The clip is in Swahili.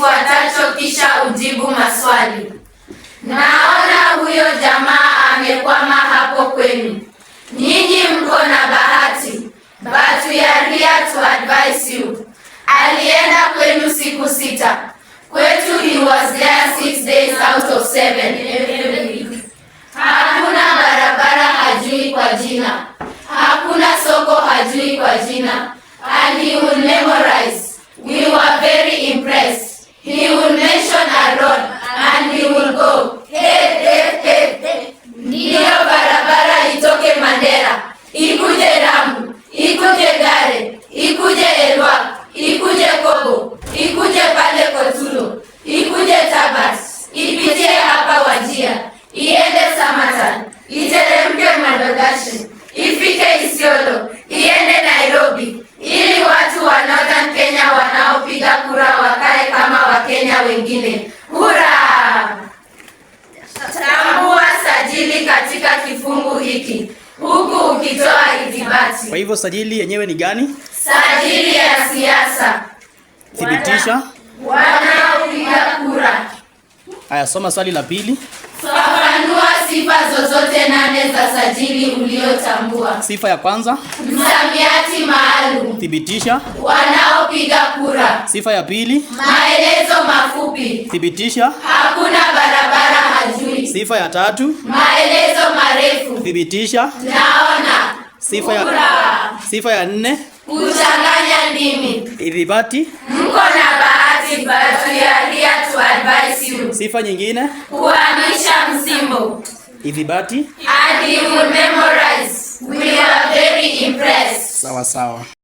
kifuatacho kisha ujibu maswali. Naona huyo jamaa amekwama hapo kwenu. Nyinyi mko na bahati, but we are here to advise you. Alienda kwenu siku sita, kwetu he was there six days out of seven. Hakuna barabara hajui kwa jina, hakuna soko hajui kwa jina mwingine. Hura! Tambua sajili katika kifungu hiki huku ukitoa ithibati. Kwa hivyo sajili yenyewe ni gani? Sajili ya siasa. Thibitisha wanaopiga kura. Aya, soma swali la pili. Fafanua sifa zozote nane za sajili uliyotambua. Sifa ya kwanza, msamiati maalum. Thibitisha wanaopiga kura. Sifa ya pili, maelezo ma fupi. Thibitisha. Hakuna barabara hajui. Sifa ya tatu. Maelezo marefu. Thibitisha. Naona. Sifa ya, sifa ya nne. Kuchanganya ndimi. Idhibati. Mko na bahati but we are here to advise you. Sifa nyingine. Kuhamisha msimbo. Idhibati. And you will memorize. We are very impressed. Sawa sawa.